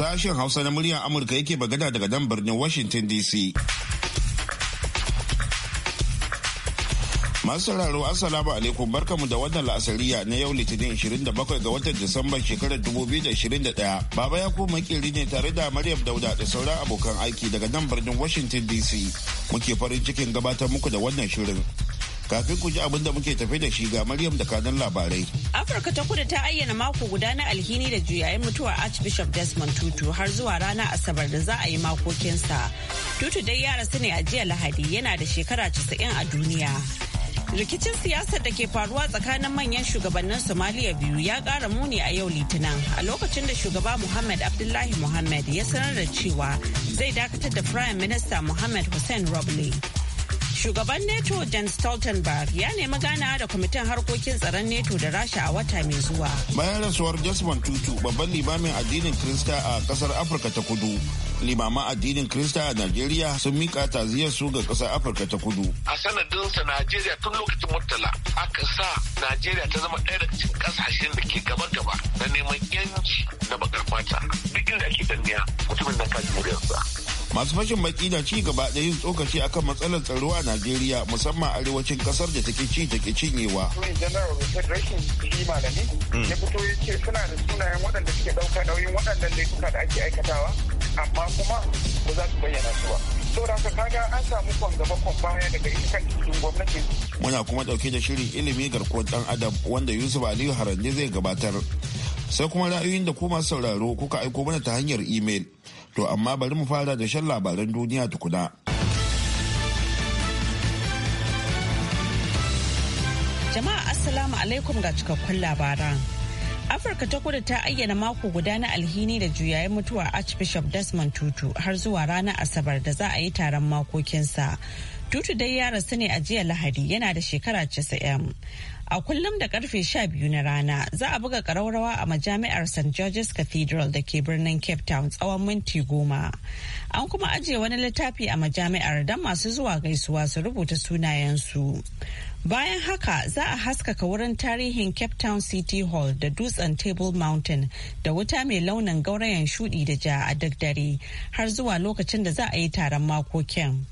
Sashen Hausa na muryar Amurka yake bagada daga dan birnin Washington DC. Masu sauraro Assalamu alaikum barkamu da wannan la'asariya na yau Litinin 27 ga watan Disamba shekarar 2021. Baba ya koma kiri ne tare da Maryam Dauda da sauran abokan aiki daga nan birnin Washington DC. Muke farin cikin gabatar muku da wannan shirin. kafin ku ji abin da muke tafe da shi ga Maryam da kanan labarai. Afirka ta kudu ta ayyana mako guda na alhini da juyayen mutuwar Archbishop Desmond Tutu har zuwa ranar Asabar da za a yi makokinsa. Tutu dai ya rasu ne a jiya Lahadi yana da shekara 90 a duniya. Rikicin siyasar da ke faruwa tsakanin manyan shugabannin Somaliya biyu ya ƙara muni a yau Litinin a lokacin da shugaba Muhammad Abdullahi Muhammad ya sanar da cewa zai dakatar da Prime Minister Muhammad Hussein Roble. Shugaban NETO Dan Stoltenberg ya nemi ganawa da kwamitin harkokin tsaron NETO da Rasha a wata mai zuwa. Bayan rasuwar Desmond Tutu babban limamin addinin Kirista a kasar Afirka ta kudu. Limaman addinin Kirista a Najeriya sun mika taziyar su ga kasar Afirka ta kudu. A sanadinsa Najeriya tun lokacin Murtala aka sa Najeriya ta zama ɗaya daga cikin kasashen da ke gaba-gaba na neman yanci na bakar fata. Duk inda ake danniya mutumin na kan muryarsa. masu fashin baki na ci gaba da yin tsokaci akan matsalar tsaro a najeriya musamman arewacin kasar da take ci take cinyewa rashin kima da ne hmm. ya fito ya ce suna da sunayen waɗanda suke ɗauka nauyin waɗannan laifuka da ake aikatawa amma kuma ba za su bayyana su ba saboda kaga an samu kwan kwan baya daga ita cikin gwamnati muna kuma ɗauke da shirin ilimi garkuwar ɗan adam wanda yusuf aliyu harande zai gabatar sai kuma ra'ayoyin da ku masu sauraro kuka aiko mana ta hanyar imel To amma bari mu fara da shan labaran duniya tukuna. Jama'a Assalamu alaikum ga cikakkun labaran. Afirka ta kudu ta ayyana mako guda na alhini da juyayen mutuwa Archbishop Desmond Tutu har zuwa ranar Asabar da za a yi taron makokinsa. Tutu dai ya rasu ne a jiya Lahadi yana da shekara 90. A kullum da karfe 12 na rana za a buga ƙararrawa a majami'ar St. George's Cathedral da ke birnin Cape Town tsawon minti goma. An kuma ajiye wani littafi a majami'ar don masu zuwa gaisuwa su rubuta sunayensu. Bayan haka za a haskaka wurin tarihin Cape Town City Hall da dutsen Table Mountain da wuta mai launin gaurayen shudi da ja a duk dare har zuwa lokacin da za a yi taron makokin.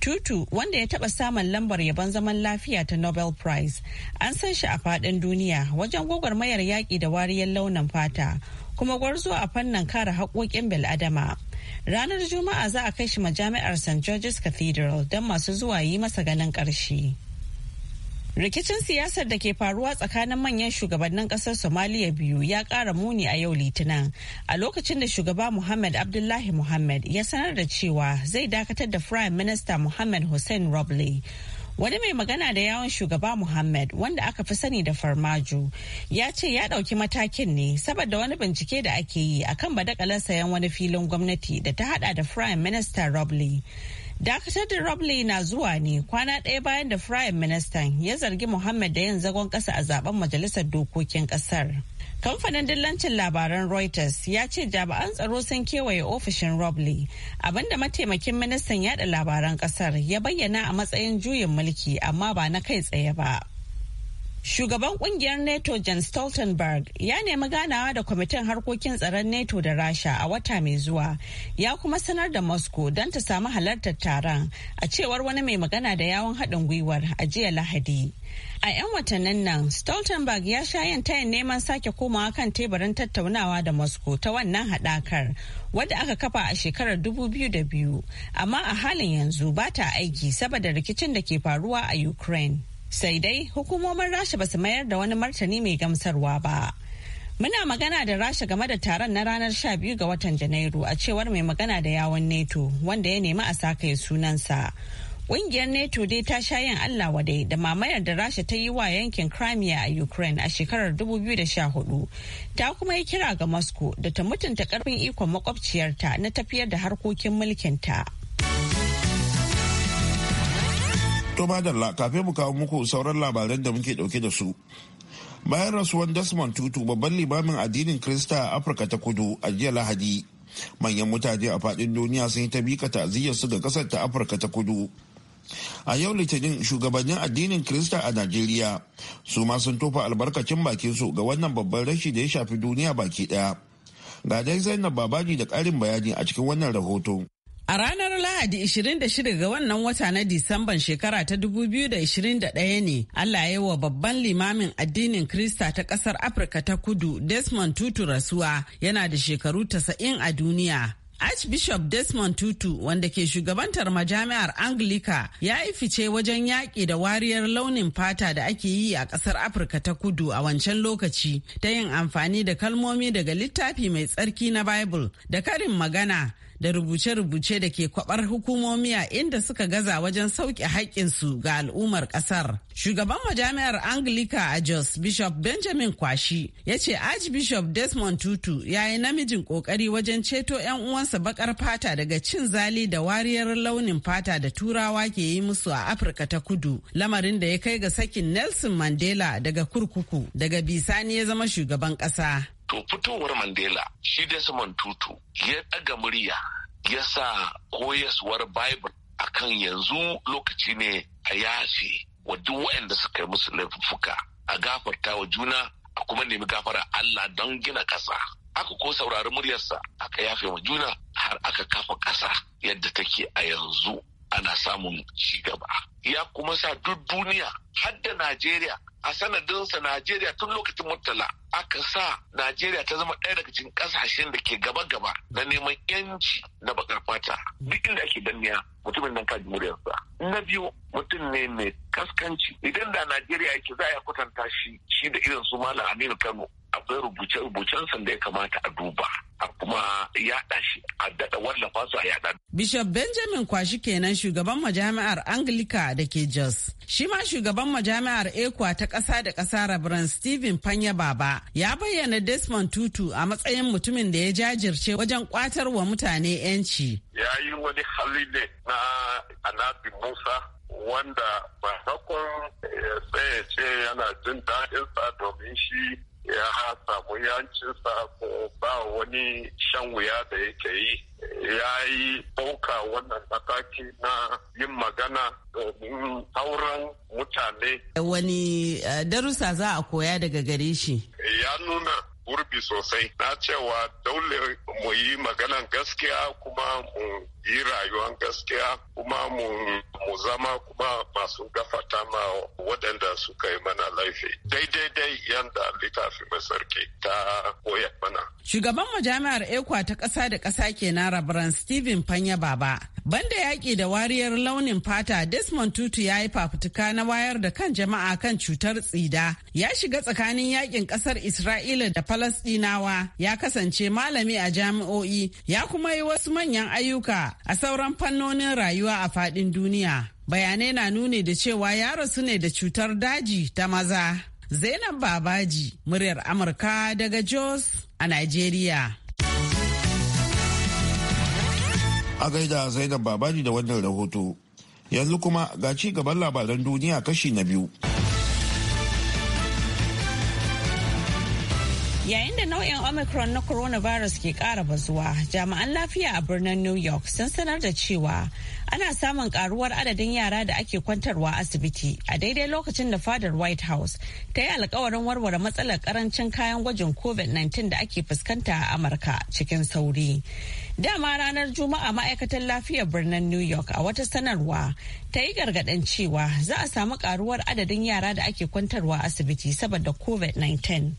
Tutu wanda ya taɓa samun lambar yabon zaman lafiya ta Nobel Prize an san shi a faɗin duniya wajen gwagwarmayar yaƙi da wariyar launin fata kuma gwarzo a fannin kare haƙoƙin bil'adama. Ranar Juma'a za a kai shi majami'ar St. George's Cathedral don masu zuwa yi masa ganin ƙarshe. Rikicin siyasar da ke faruwa tsakanin manyan shugabannin kasar Somaliya biyu ya kara muni a yau Litinin a lokacin da shugaba Muhammad Abdullahi Muhammad ya sanar da cewa zai dakatar da Prime Minister Muhammad Hussein robley Wani mai magana da yawon shugaba Muhammad wanda aka fi sani da farmajo ya ce ya ɗauki matakin ne saboda wani bincike da ake yi akan badakalar sayan wani filin gwamnati da ta hada da Prime Minister Robley. Dakatar da Robley na zuwa ne kwana ɗaya bayan da Firayim Ministan ya zargi Muhammad da yin zagon ƙasa a zaben Majalisar Dokokin ƙasar. Kamfanin dillancin labaran Reuters ya ce jami'an tsaro sun kewaye ofishin Robley, abinda mataimakin ministan yada labaran ƙasar ya bayyana a matsayin juyin mulki amma ba na kai tsaye ba. Shugaban kungiyar NATO Jan Stoltenberg ya nemi ganawa da kwamitin harkokin tsaron NATO da Rasha a wata mai zuwa ya kuma sanar da Moscow don ta samu halartar taron a cewar wani mai magana da yawon haɗin gwiwar a jiya Lahadi. A 'yan watannin nan, Stoltenberg ya sha yin tayin neman sake komawa kan teburin tattaunawa da Moscow ta wannan haɗakar wadda aka kafa a shekarar 2002 amma a halin yanzu ba ta aiki saboda rikicin da ke faruwa a Ukraine. sai dai hukumomin rasha ba su mayar da wani martani mai gamsarwa ba muna magana da rasha game da taron na ranar 12 ga watan janairu a cewar mai magana da yawon neto wanda ya nemi a sakaye sunansa Ƙungiyar neto dai ta sha yin Allah wadai da mamayar da Rasha ta yi wa yankin Crimea a Ukraine a shekarar 2014. Ta kuma yi kira ga Moscow da ta mutunta karfin ikon makwabciyarta na tafiyar da harkokin mulkinta. To madalla kafin mu kawo muku sauran labaran da muke dauke da su. Bayan rasuwan Desmond Tutu babban limamin addinin Krista a Afirka ta kudu a jiya Lahadi. Manyan mutane a faɗin duniya sun yi ta bika su ga ƙasar ta Afirka ta kudu. A yau Litinin shugabannin addinin Krista a Najeriya su ma sun tofa albarkacin bakin su ga wannan babban rashi da ya shafi duniya baki ɗaya. Ga dai Zainab Babaji da ƙarin bayani a cikin wannan rahoton. A ranar Lahadi 26 ga wannan wata na Disamban shekara ta 2021 ne Allah ya yi wa babban limamin addinin Krista ta ƙasar Afirka ta kudu Desmond Tutu rasuwa yana da shekaru 90 a duniya. Archbishop Desmond Tutu wanda ke shugabantar majami'ar Anglika ya yi fice wajen yaƙi da wariyar launin fata da ake yi a ƙasar Afirka ta kudu a wancan lokaci ta yin amfani da kalmomi daga littafi mai tsarki na Bible da karin magana da rubuce-rubuce da ke kwabar hukumomi a inda suka gaza wajen sauke haƙƙinsu ga al'ummar ƙasar. Shugaban majami'ar Anglika a Jos Bishop Benjamin Kwashi ya ce Archbishop Desmond Tutu ya yi namijin ƙoƙari wajen ceto 'yan uwansa baƙar fata daga cin zali da wariyar launin fata da turawa ke yi musu a Afirka ta kudu lamarin da ya kai ga sakin Nelson Mandela daga kurkuku daga bisani ya zama shugaban ƙasa. To fitowar Mandela shi Desmond Tutu ya ɗaga murya ya sa koyaswar Bible kan yanzu lokaci ne a yashi wa duk waɗanda suka yi musu laifuka, a gafarta wa juna a kuma nemi gafara Allah don gina ƙasa. Aka ko saurari muryarsa aka yafe wa juna har aka kafa ƙasa yadda take a yanzu ana samun ci gaba. Ya kuma sa duk duniya hadda Najeriya a sanadinsa Najeriya tun lokacin Murtala aka sa Najeriya ta zama ɗaya daga cikin ƙasashen da ke gaba-gaba na neman yanci na bakar fata. Duk inda ake danniya mutumin nan ka jimuriyarsa. Na biyu mutum ne mai kaskanci idan da Najeriya yake za a iya kwatanta shi shi da irin su Malam Aminu Kano akwai rubuce-rubucen da ya kamata a duba a kuma yaɗa shi a daɗa wallafa su a yaɗa. Bishop Benjamin Kwashi kenan shugaban majami'ar Anglika da ke Jos. Shi ma shugaban shugaban majami'ar ekwa ta ƙasa da ƙasa rabaran stephen fanya baba ya bayyana desmond tutu a matsayin mutumin da ya jajirce wajen kwatar wa mutane 'yanci ya yi wani hali ne na anabi musa wanda ba hakon eh, tsaye ce yana jin daɗinsa domin shi ya samu yancinsa ko ba wani shan wuya da yake yi ya yi ɗauka wannan mataki na yin magana domin sauran mutane. Wani eh, darussa za a koya daga gare shi? Ya nuna gurbi sosai na cewa dole mu yi maganan gaskiya kuma mu yi rayuwar gaskiya kuma mu zama kuma masu gafata ma waɗanda suka yi mana laifi daidai dai yanda littafi mai sarki ta koya mana. Shugaban majami'ar ekwa ta ƙasa da ƙasa ke na rabaran Stephen Fanya Baba. Banda yaƙi da wariyar launin fata Desmond Tutu ya yi fafutuka na wayar da kan jama'a kan cutar tsida. Ya shiga tsakanin yaƙin ƙasar Isra'ila da Falasɗinawa ya kasance malami a jami'o'i ya kuma yi wasu manyan ayyuka a sauran fannonin rayuwa a fadin duniya. Bayanai na nuni da cewa ya rasu ne da cutar daji ta maza. Zainab Babaji, muryar Amurka daga Jos a Najeriya. A gaida Zainab Babaji da wannan rahoto. Yanzu kuma ga ci gaban labaran duniya kashi na biyu. Yayin da nau'in Omicron na coronavirus ke kara bazuwa, jami'an lafiya a birnin New York sun sanar da cewa ana samun karuwar adadin yara da ake kwantarwa asibiti a daidai lokacin da fadar White House ta yi alkawarin warware matsalar karancin kayan gwajin COVID-19 da ake fuskanta a Amurka cikin sauri. Dama ranar Juma'a ma'aikatan lafiyar birnin New York a wata sanarwa ta yi gargaɗin cewa za a samu karuwar adadin yara da ake kwantarwa asibiti saboda COVID-19.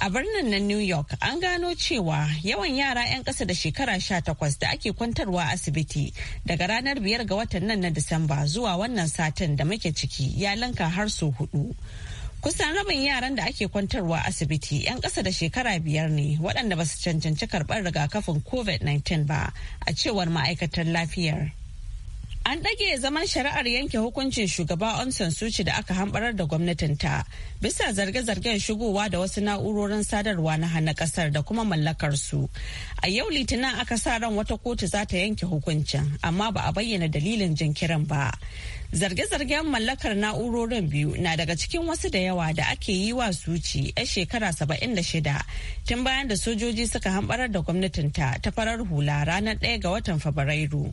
A birnin birnin New York an gano cewa yawan yara 'yan ƙasa da shekara 18 da ake kwantarwa asibiti daga ranar biyar ga watan nan na Disamba zuwa wannan satin da muke ciki ya lanka har sau hudu. Kusan rabin yaran da ake kwantarwa asibiti 'yan ƙasa da shekara biyar ne waɗanda ba su cancanci karɓar rigakafin COVID-19 ba a cewar ma'aikatar lafiyar. An ɗage zaman shari'ar yanke hukuncin shugaba on San da aka hambarar da gwamnatinta bisa zarge-zargen shigowa da wasu na'urorin sadarwa na hana kasar da kuma mallakar su. A yau Litinin aka sa ran wata kotu za ta yanke hukuncin amma ba a bayyana dalilin jinkirin ba. Zarge-zargen mallakar na'urorin biyu na daga cikin wasu da yawa da ake yi wa Suci 'yar shekara saba'in da shida. tun bayan da sojoji suka hambarar da gwamnatinta ta farar hula ranar ɗaya ga watan Fabrairu.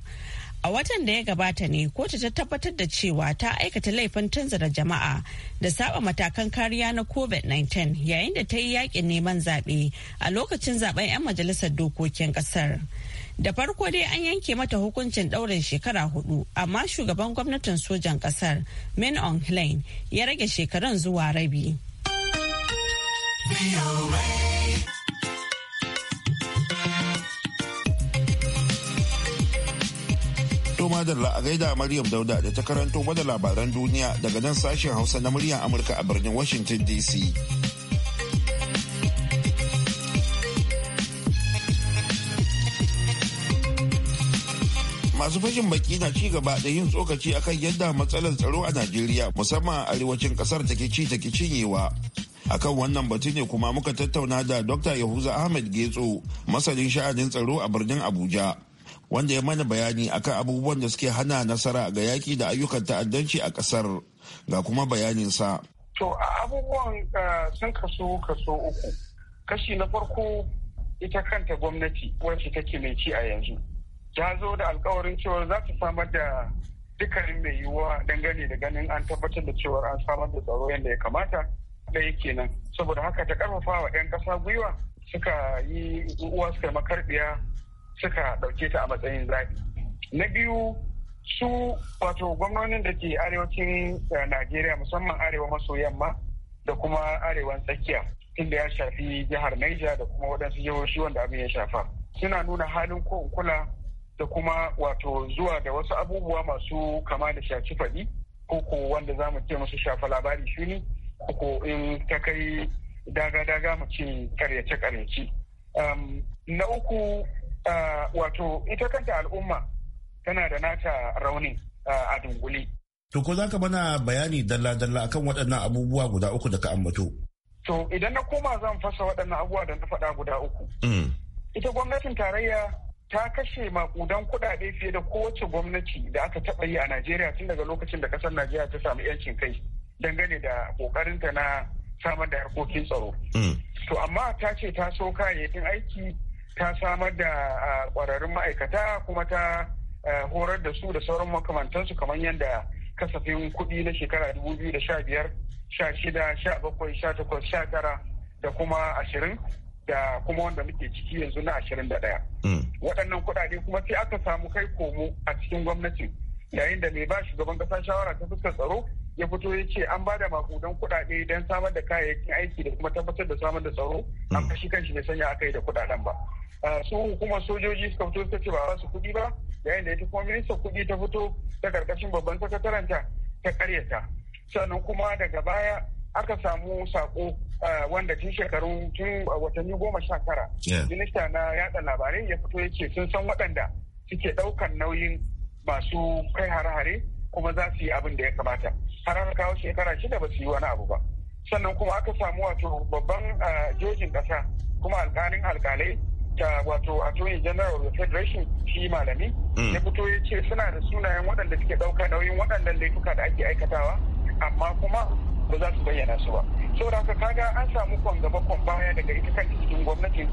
A watan da ya gabata ne kotu ta tabbatar da cewa ta aikata laifin tunzura jama'a da saba matakan kariya na COVID-19 yayin da ta yi yakin neman zaɓe a lokacin zaben 'yan majalisar dokokin ƙasar. Da farko dai an yanke mata hukuncin ɗaurin shekara hudu, amma shugaban gwamnatin sojan ƙasar Min Aung ya rage shekarun zuwa rabi. To madalla a gaida Maryam Dauda da ta karanto mana labaran duniya daga nan sashen Hausa na muryar Amurka a birnin Washington DC. masu fashin baki na ci gaba da yin tsokaci akan yadda matsalar tsaro a najeriya musamman a arewacin kasar take ci take cinyewa akan wannan batu ne kuma muka tattauna da dr yahuza ahmed getso masanin sha'anin tsaro a birnin abuja wanda ya mana bayani akan abubuwan da suke hana nasara ga yaki da ayyukan ta'addanci a kasar ga kuma bayanin sa. To abubuwan eh, sun kaso kaso uku. Kashi na farko ita kanta gwamnati wacce take mai ci a yanzu. Ta zo da alkawarin cewa za ta samar da dukkanin mai yiwuwa dangane da ganin an tabbatar da cewa an samar da tsaro yadda ya kamata ɗaya nan Saboda haka ta karfafa wa 'yan kasa gwiwa suka yi uwa suka makarbiya suka dauke ta a matsayin zaɓi na biyu su wato gwamnonin da ke arewacin eh, najeriya musamman arewa maso yamma da kuma arewan tsakiya inda ya shafi jihar Niger da kuma waɗansu jihohi wanda abin ya shafa suna nuna halin ko kula da kuma wato zuwa da wasu abubuwa masu kama da shaci faɗi ko ko wanda za mu ce musu shafa labari shuni ko ko in ta kai daga-daga mu ce karyace-karyace ehm, na uku wato ita kanta al'umma tana da nata rauni a dunguli. To ko za ka mana bayani dalla-dalla akan waɗannan abubuwa guda uku da ka ambato? To idan na koma zan fasa waɗannan abubuwa da na faɗa guda uku. Mm. Ita gwamnatin tarayya ta kashe maƙudan kuɗaɗe fiye da kowace gwamnati da aka taɓa yi a Najeriya tun daga lokacin da ƙasar Najeriya ta samu 'yancin kai dangane da ƙoƙarinta na samar da harkokin tsaro. Mm. To amma ta ce ta so kayayyakin aiki ta samar da kwararrun ma'aikata kuma ta horar da su da sauran makamantansu kamar yadda kasafin kuɗi na shekara 2015 16 17 18 19 da kuma ashirin da kuma wanda muke ciki yanzu na ashirin da 21 mm. waɗannan kuɗaɗe kuma sai aka samu kai komo a cikin gwamnatin yayin da mai ba shugaban ƙasa shawara ta fuskar tsaro ya fito ya ce an ba da makudan kuɗaɗe don samar da kayayyakin aiki da kuma tabbatar da samar da tsaro an hmm. kashi kanshi bai sanya aka yi da kuɗaɗen ba ah, su hukumar sojoji suka fito suka ce ba su kuɗi ba yayin da ita kuma ministan kuɗi ta fito ta karkashin babban sakataranta ta karyata sannan kuma daga baya aka samu sako ah, wanda tun shekaru tun watanni goma sha tara minista na yada labarai ya fito ya ce sun san waɗanda suke ɗaukan nauyin masu kai hare-hare kuma za su yi abin da ya kamata har an kawo shekara shida ba su yi wani abu ba sannan kuma aka samu wato babban jojin kasa kuma alƙalin alƙalai ta wato attorney general of the federation shi malami mm. ya fito ya ce suna da sunayen waɗanda suke ɗauka nauyin waɗannan laifuka da ake aikatawa amma kuma ba za su bayyana su ba saboda haka kaga an samu kwan gaba kwan baya daga ita kanta cikin gwamnati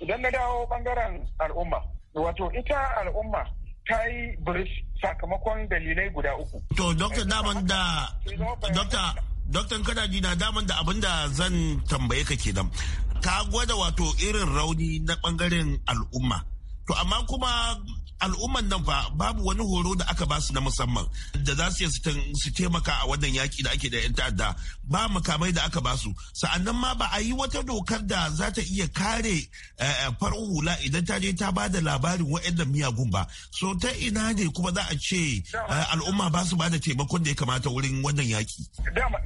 idan na dawo bangaren al'umma wato ita al'umma ta yi birish sakamakon dalilai guda uku. To, Dokta daman da, Dr. Dr. kada daman da abin da zan tambaye ka kenan. Ka gwada wato irin rauni na ɓangaren al'umma. to amma kuma al'umman nan fa babu wani horo da aka basu na musamman da za su su taimaka a wannan yaki da ake da yan ta'adda ba makamai da aka basu sa'annan ma ba a yi wata dokar da za ta iya kare eh, eh, farin hula idan ta je ta ba da labarin wa'annan miyagun ba so ta ina ne kuma za a ce eh, al'umma ba su ba da taimakon da ya kamata wurin wannan yaki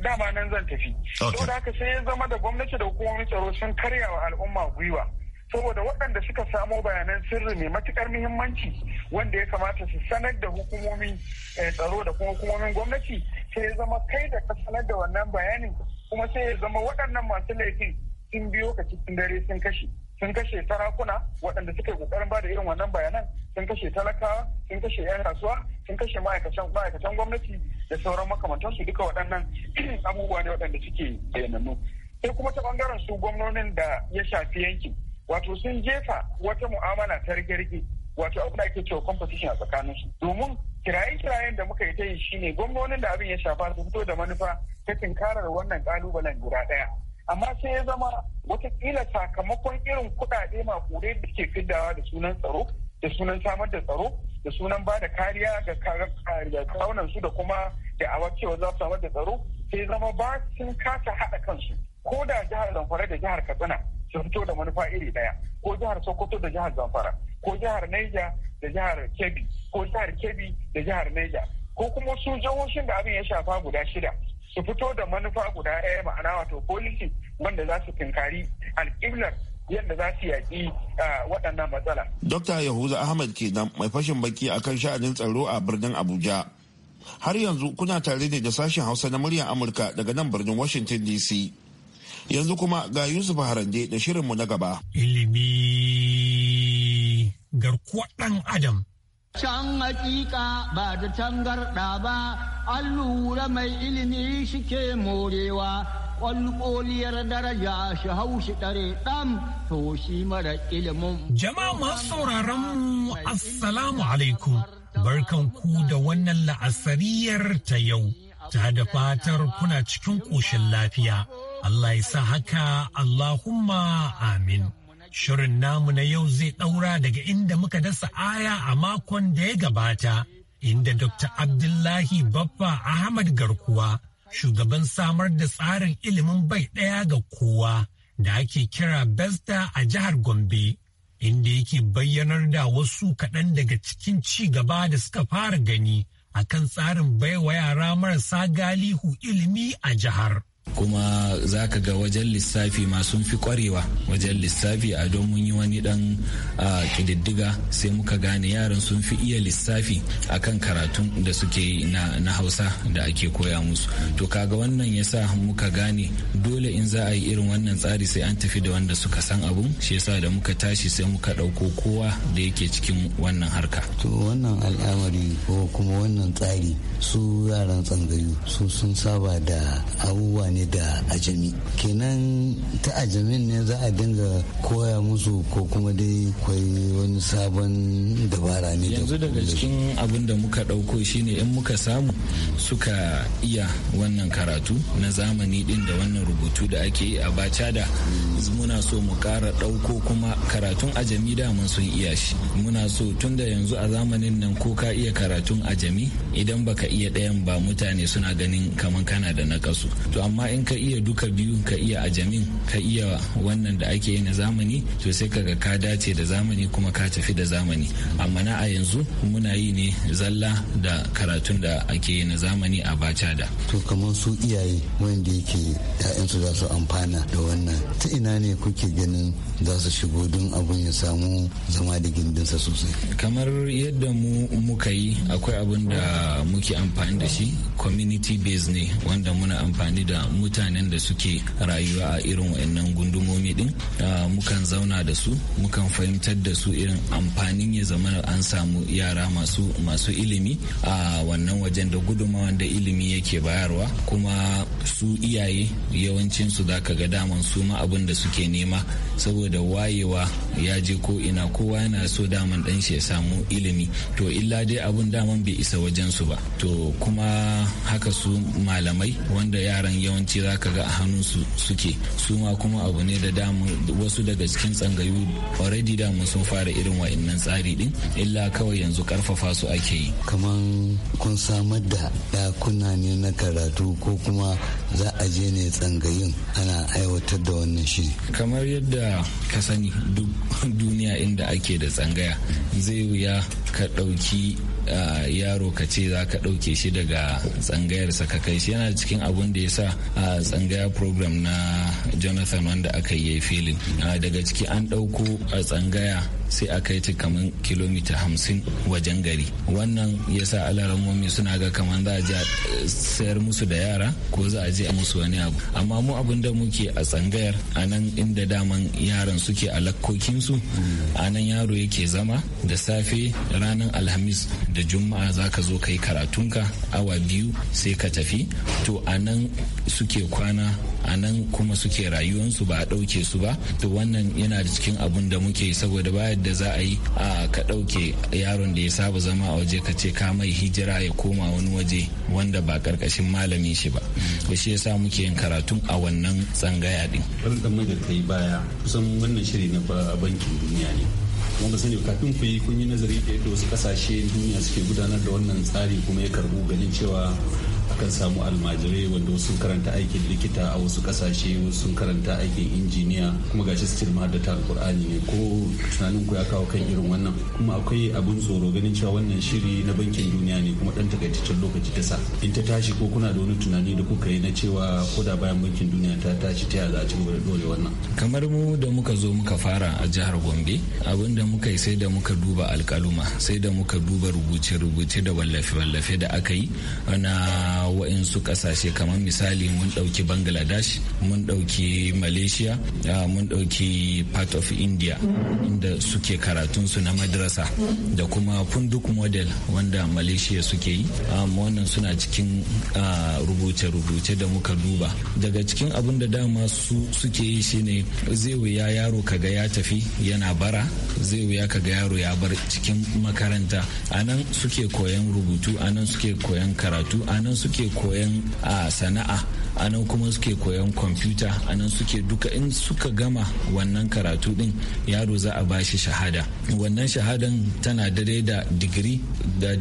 dama nan zan tafi saboda haka sai ya zama da gwamnati da hukumomin tsaro sun karya wa al'umma gwiwa saboda waɗanda suka samo bayanan sirri mai matukar muhimmanci wanda ya kamata su sanar da hukumomin eh, tsaro da kuma hukumomin gwamnati sai ya zama kai da ka sanar da wannan bayanin kuma sai ya zama waɗannan masu laifin sun biyo ka cikin dare sun kashe sun kashe sarakuna waɗanda suka yi ƙoƙarin ba irin wannan bayanan sun kashe talakawa sun kashe 'yan kasuwa sun kashe ma'aikatan gwamnati da sauran makamantansu duka waɗannan abubuwa ne waɗanda suke bayanannu sai kuma ta ɓangaren su gwamnonin da ya shafi yankin wato sun jefa wata mu'amala ta rike rike wato abin da ake cewa competition a tsakanin su domin kiraye-kirayen da muka yi ta yi shine gwamnonin da abin ya shafa su fito da manufa ta tinkarar wannan kalubalen guda ɗaya amma sai ya zama wata watakila sakamakon irin kuɗaɗe makure da ke fiddawa da sunan tsaro da sunan samar da tsaro da sunan ba da kariya ga kawunan su da kuma da awa cewa za su samar da tsaro sai zama ba sun kasa haɗa kansu ko da jihar zamfara da jihar katsina da fito da manufa iri daya ko jihar sokoto da jihar zamfara ko jihar naija da jihar kebbi ko jihar kebbi da jihar naija ko kuma su jihohin da abin ya shafa guda shida su fito da manufa guda ɗaya ma'ana wato policy wanda za su tinkari alƙiblar yadda za su yaƙi ah, waɗannan matsala. Dokta Yahuza Ahmad kenan mai fashin baki akan sha'anin tsaro a birnin Abuja. Har yanzu kuna tare ne da sashen Hausa na muryar Amurka daga nan birnin Washington DC. yanzu kuma ga yusuf harande da shirinmu na gaba ilimi garkuwa ɗan adam Can haƙiƙa ba da tangarɗa ba, an lura mai ilimi shike morewa, ƙwalƙoliyar daraja shi haushi ɗare ɗan to shi mara ilimin. Jama'a masu sauraron mu, Assalamu alaikum, barkan ku da wannan la'asariyar ta yau, ta da fatar kuna cikin ƙoshin lafiya. Allah ya sa haka Allahumma amin. Shirin namu na yau zai ɗaura daga inda muka dasa aya a makon da ya gabata, inda Dr. Abdullahi Baffa Ahmad Garkuwa, shugaban samar da tsarin ilimin bai ɗaya ga kowa da ake kira Besta a jihar Gombe, inda yake bayyanar da wasu kaɗan daga cikin ci gaba da suka fara gani a kan tsarin baiwa yara marasa galihu ilimi a jihar. kuma za ka ga wajen lissafi ma fi kwarewa wajen lissafi a don mun yi wani dan kididdiga sai muka gane yaran sun fi iya lissafi a kan karatun da suke yi na hausa da ake koya musu to kaga wannan ya sa muka gane dole in za a yi irin wannan tsari sai an tafi da wanda suka san abun shi yasa da muka tashi sai muka ɗauko kowa da yake cikin wannan harka to wannan al'amari ko kuma wannan tsari su yaran tsangayu su sun saba da abubuwa da ajami kenan ta ajamin ne za a dinga koya musu ko kuma dai kwai wani sabon dabara ne yanzu daga cikin abin da muka ɗauko shine in muka samu suka iya wannan karatu na zamani din da wannan rubutu da ake a baca da muna so mu ƙara ɗauko kuma karatun ajami mun sun iya shi muna so tun da yanzu a zamanin nan ko ka iya karatun ajami idan baka iya ɗayan ba mutane suna ganin kaman kana da nakasu to amma in ka iya duka biyu ka iya ajamin ka iya wannan da ake yi na zamani to sai kaga ka dace da zamani kuma ka tafi da zamani amma na a yanzu muna yi ne zalla da karatun da ake yi na zamani a bacha da to kamar su iyaye wanda yake ya'yansu za su amfana da wannan ta ina ne kuke ganin za su shigo don abun ya samu zama da gindinsa sosai kamar yadda mu muka yi akwai abun da muke amfani da shi community based ne wanda muna amfani da mutanen da suke rayuwa a irin wannan gundumomi din mukan zauna da su mukan fahimtar da su irin amfanin ya zama an samu yara masu masu ilimi a wannan wajen da gudunmawa da ilimi yake bayarwa kuma su iyaye yawancin su zaka ga daman su ma abin da suke nema saboda wayewa ya je ko ina kowa yana so daman dan shi ya samu ilimi to illa dai abun daman bai isa wajen su ba to kuma haka su malamai wanda yaran yawan yawanci za ka ga a hannunsu suke su ma kuma abu ne da damu wasu daga cikin tsangayu already damu sun fara irin wa'annan tsari din illa kawai yanzu karfafa su ake yi kaman kun samar da ɗakuna ne na karatu ko kuma za a je ne tsangayin ana aiwatar da wannan shi. kamar yadda ka sani duk duniya inda ake da tsangaya zai wuya ka ɗauki yaro ka ce za ka ɗauke shi daga tsangayarsa ka kai shi yana cikin abun da ya sa a tsangaya program na jonathan wanda aka yi filin daga ciki an ɗauko a tsangaya sai a kai ta kamar kilomita hamsin wajen gari wannan ya sa alaramomi suna ga kamar za a je sayar musu da yara ko za a je a musu wani abu amma mu abun da muke a tsangayar a nan inda daman yaran suke a lakokinsu a nan yaro yake zama da safe ranar alhamis da juma'a za ka zo ka yi karatunka awa biyu sai ka tafi to a nan suke kwana a nan kuma suke rayuwansu ba a ɗauke su ba to wannan yana da cikin abun da muke saboda bayan da za a yi a ka ɗauke yaron da ya saba zama a waje ka ce ka mai hijira ya koma wani waje wanda ba ƙarƙashin malamin shi ba to shi yasa muke yin karatun a wannan tsangaya din. Wani da kai baya kusan wannan shiri na bankin duniya ne. kuma ba sani kafin ku yi kun yi nazari da yadda wasu kasashe duniya suke gudanar da wannan tsari kuma ya karbu ganin cewa akan samu almajirai wanda wasu karanta aikin likita a wasu kasashe wasu karanta aikin injiniya kuma shi su ma da alkur'ani ne ko tunanin ku ya kawo kan irin wannan kuma akwai abin tsoro ganin cewa wannan shiri na bankin duniya ne kuma dan takaitaccen lokaci ta sa in ta tashi ko kuna da wani tunani da kuka yi na cewa ko da bayan bankin duniya ta tashi ta yaya za a ci da dole wannan kamar mu da muka zo muka fara a jihar gombe abin da muka yi sai da muka duba alkaluma sai da muka duba rubuce-rubuce da wallafe-wallafe da aka yi na waɗansu ƙasashe kamar misali mun ɗauki bangladesh mun ɗauki malaysia mun ɗauki part of india inda suke karatunsu na madrasa da kuma funduk model wanda malaysia suke yi wannan suna cikin rubuce-rubuce da muka duba daga cikin abin da dama su suke yi shine zai wuya yaro kaga ya tafi yana bara zai wuya kaga yaro ya bar cikin makaranta anan suke koyan rubutu anan suke koyan karatu anan su suke koyan sana'a anan kuma suke koyan kwamfuta anan suke duka in suka gama wannan karatu din yaro za a bashi shahada wannan shahadan tana dare da digiri da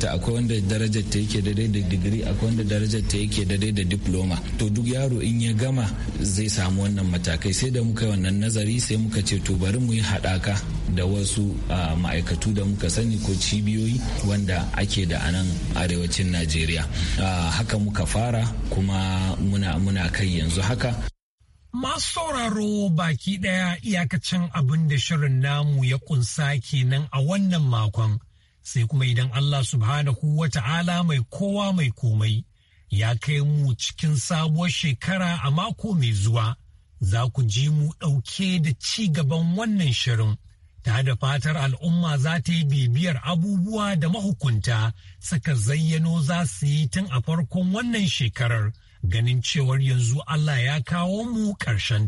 ta akwai wanda ta yake dare da digiri akwai wanda ta yake dare da diploma to duk yaro in ya gama zai samu wannan matakai sai da muka yi wannan nazari sai muka ce to bari mu yi haɗaka da wasu ma'aikatu da muka sani ko cibiyoyi wanda ake da anan arewacin najeriya haka muka fara kuma muna muna kai yanzu haka Masu sauraro baki ɗaya iyakacin abin da shirin namu ya kunsa kenan a wannan makon sai kuma idan Allah subhanahu wa ta'ala mai kowa mai komai ya kai mu cikin sabuwar shekara a mako mai zuwa za ku ji mu ɗauke da ci gaban wannan shirin. ta da fatar al'umma za ta yi bibiyar abubuwa da mahukunta saka zayyano za su yi tun a farkon wannan shekarar ganin cewar yanzu Allah ya kawo mu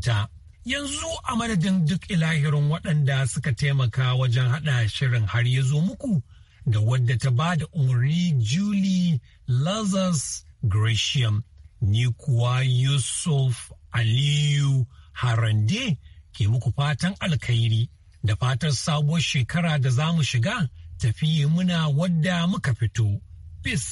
ta. Yanzu a madadin duk ilahirin waɗanda suka taimaka wajen haɗa shirin har ya zo muku da wadda ta ba da umarni Julie Lazarus Gresham, ni kuwa Yusuf Aliyu Harande ke muku fatan alkhairi. da fatar sabuwar shekara da za mu shiga tafi muna wadda muka fito. Bis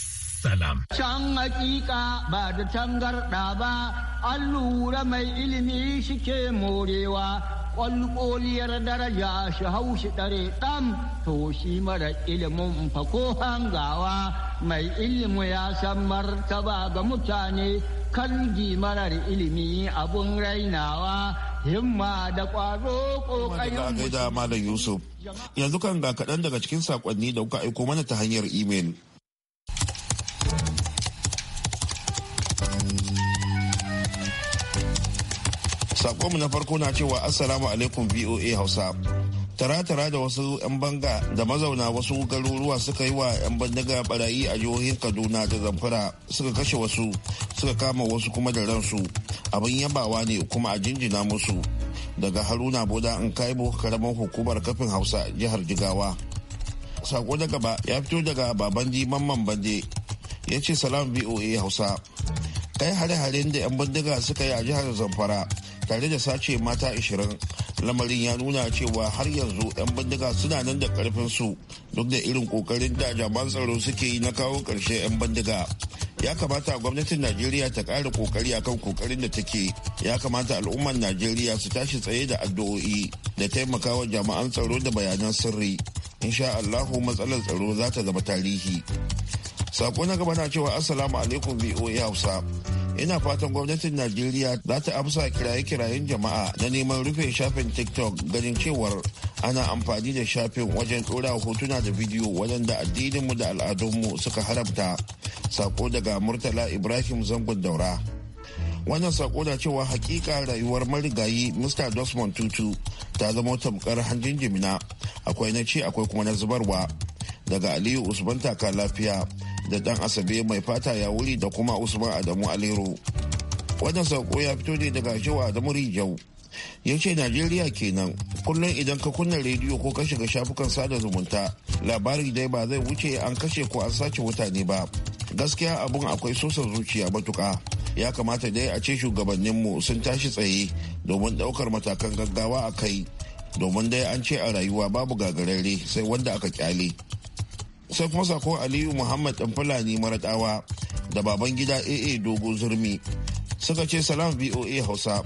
salam. Can hakika ba da tangarɗa ba, an lura mai ilimi shike morewa. ƙwalƙoliyar daraja shi haushi ɗare ɗan to shi mara ilimin fako hangawa mai ilimi ya san martaba ga mutane kan marar ilimi abun rainawa himma da da Malam Yusuf. Yanzu kan ga kaɗan daga cikin saƙonni da kuka aiko mana ta hanyar imel. Sakonmu na farko na cewa Assalamu alaikum VOA Hausa. tara-tara da wasu 'yan banga da mazauna wasu garuruwa suka yi wa 'yan bandaga barayi a jihohin kaduna da zamfara suka kashe wasu suka kama wasu kuma da ransu abin yabawa ne kuma a jinjina musu daga haruna boda in kaibo karamin hukumar kafin hausa jihar jigawa sako da gaba ya fito daga babandi mamman bande ya ce salam voa hausa kai hare-haren da 'yan bandaga suka yi a jihar zamfara tare da sace mata 20 lamarin ya nuna cewa har yanzu 'yan bindiga suna nan da karfin su duk da irin kokarin da jaman tsaro suke yi na kawo karshe 'yan bindiga ya kamata gwamnatin najeriya ta ƙara kokari akan kokarin da take ya kamata al'ummar najeriya su tashi tsaye da addu'o'i da taimakawa jami'an tsaro da bayanan sirri insha allahu matsalar tsaro za ta zama tarihi sako na gaba na cewa assalamu alaikum voa hausa ina fatan gwamnatin najeriya za ta amsa kiraye-kirayen jama'a na neman rufe shafin tiktok ganin cewar ana amfani da shafin wajen tsora hotuna da bidiyo waɗanda addininmu da al'adunmu suka haramta sako daga murtala ibrahim zangon daura wannan sako na cewa hakika rayuwar marigayi mr dosmond tutu ta zama tamkar hanjin jimina akwai na ce akwai kuma na zubarwa daga aliyu usman taka lafiya da dan asabe mai fata ya wuri da kuma usman adamu alero wannan sako ya fito ne daga da muri jau ya ce najeriya kenan kullum idan ka kunna rediyo ko ka shiga shafukan sada zumunta labari dai ba zai wuce an kashe ko an sace mutane ba gaskiya abun akwai sosan zuciya matuka ya kamata dai a ce shugabanninmu sun tashi tsaye domin daukar matakan gaggawa a kai domin dai an ce a rayuwa babu gagarare sai wanda aka kyale sai kuma aliyu muhammad ɗan fulani maradawa da baban gida aa dogo zurmi suka ce salam voa hausa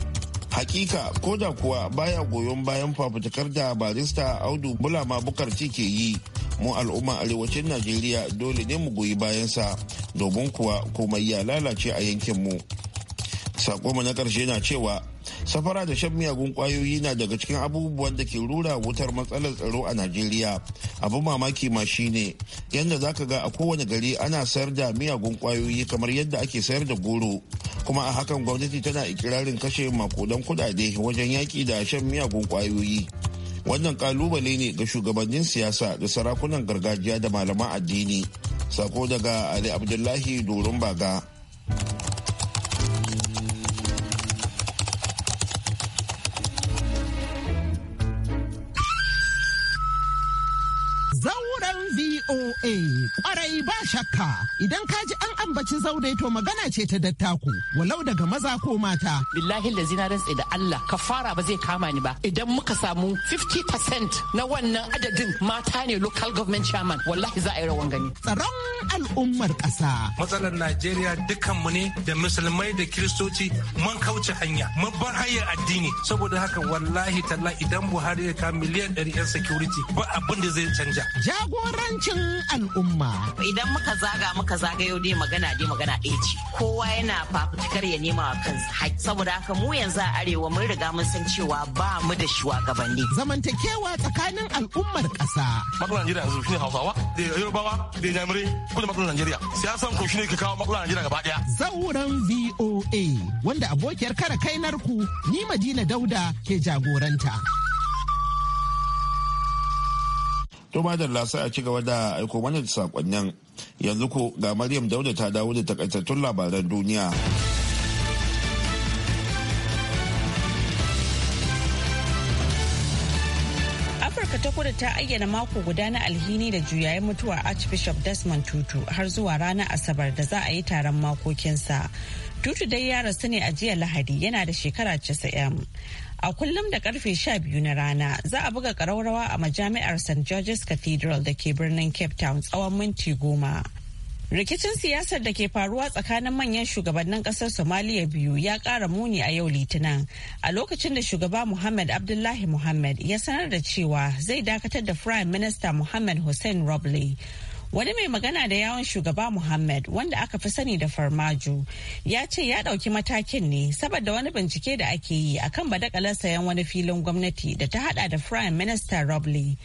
hakika ko da kuwa baya goyon bayan fafutukar da barista audu bulama bukarci ke yi mu al'umma arewacin najeriya dole ne mu goyi bayansa domin kuwa komai ya lalace a yankinmu mu na karshe na cewa safara da shan miyagun kwayoyi na daga cikin abubuwan da ke rura wutar matsalar tsaro a najeriya abu mamaki ma shine yadda zaka ga a kowane gari ana sayar da miyagun kwayoyi kamar yadda ake sayar da goro kuma a hakan gwamnati tana ikirarin kashe makudan kudade wajen yaki da shan miyagun kwayoyi wannan kalubale ne ga shugabannin siyasa da sarakunan gargajiya da malaman addini sako daga ali abdullahi durumbaga. baga VOA. Ƙwarai ba shakka idan ka ji an ambaci zaure to magana ce ta dattaku walau daga maza ko mata. Billahi da zina rantse da Allah ka fara ba zai kama ni ba idan muka samu 50% na wannan adadin mata ne local government chairman wallahi za a yi rawan gani. Tsaron al'ummar ƙasa. Matsalar Najeriya mu ne da musulmai da kiristoci mun kauce hanya mun bar hanyar addini saboda haka wallahi talla idan Buhari ya kawo miliyan ɗari 'yan security ba abin da zai canja. Jagorancin cikin al'umma. Idan muka zaga muka zaga yau dai magana dai magana ɗaya ce. Kowa yana fafutukar ya nema wa kansa haƙƙi. Saboda haka mu yanzu a arewa mun riga mun san cewa ba mu da shugabanni. Zamantakewa tsakanin al'ummar ƙasa. Makulan Najeriya yanzu shi ne Hausawa da Yorubawa da Jamirai kuma da matsalar Najeriya. Siyasan ko ne ke kawo makulan Najeriya gaba ɗaya. Zauren VOA wanda abokiyar kare kainar ku ni Madina Dauda ke jagoranta. To ma da lasa a ci gaba da aiko mana da sakonnin yanzu ko ga Maryam Dauda ta dawo da takaitattun labaran duniya. Afirka ta ta ayyana mako guda na alhini da juyayen mutuwa Archbishop Desmond Tutu har zuwa ranar Asabar da za a yi taron makokinsa. Tutu dai ya rasu ne a jiya Lahadi yana da shekara 90. A kullum da karfe 12 na rana za a buga ƙaraurawa a majami'ar St. George's Cathedral da ke birnin Cape Town tsawon minti goma. Rikicin siyasar da ke faruwa tsakanin manyan shugabannin kasar Somaliya biyu ya ƙara muni a yau Litinin a lokacin da shugaba Muhammad Abdullahi Muhammad ya sanar da cewa zai dakatar da Prime Minister Muhammad Hussein Roble. Wani mai magana da yawon shugaba Muhammad wanda aka fi sani da farmaju ya ce ya ɗauki matakin ne saboda wani bincike da ake yi akan badakalar sayan wani filin gwamnati da ta hada da Prime Minister Robley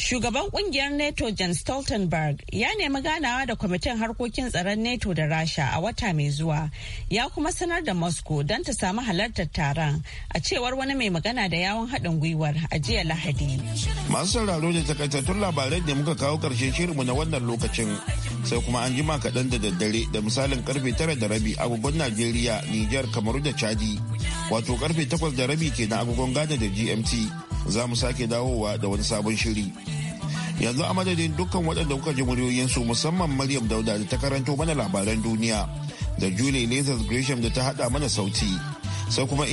Shugaban kungiyar NATO Jan Stoltenberg ya nemi ganawa da kwamitin harkokin tsaron NATO da Rasha a wata mai zuwa ya kuma sanar da Moscow don ta samu halartar taron a cewar wani mai magana da yawon haɗin gwiwar a jiya Lahadi. Masu sauraro da takaitattun labarai da muka kawo karshe shirinmu na wannan lokacin sai kuma an jima kaɗan da daddare da misalin karfe tara da rabi agogon Najeriya, Nijar, Kamaru da Chadi. Wato karfe takwas da rabi kenan agogon Ghana da GMT. za mu sake dawowa da wani sabon shiri. Yanzu a madadin dukkan waɗanda kuka ji muryoyinsu musamman Maryam Dauda da ta karanto mana labaran duniya da Julie Lazarus Gresham da ta haɗa mana sauti. Sai kuma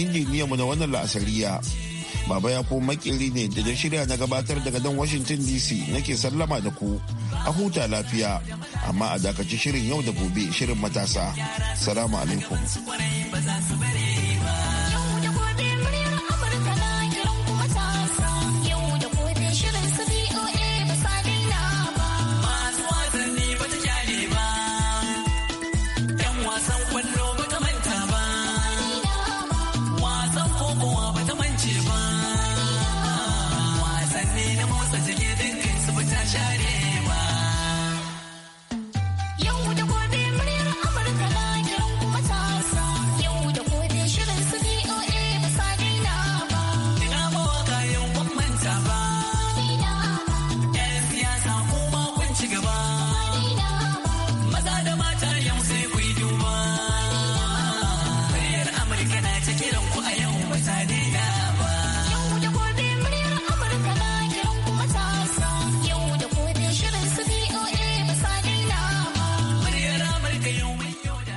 mu na wannan la'asariya. Baba ya ko makeri ne da shirya na gabatar daga dan Washington DC nake sallama da ku. A huta lafiya, amma a dakaci shirin yau da gobe shirin matasa. Salamu alaikum.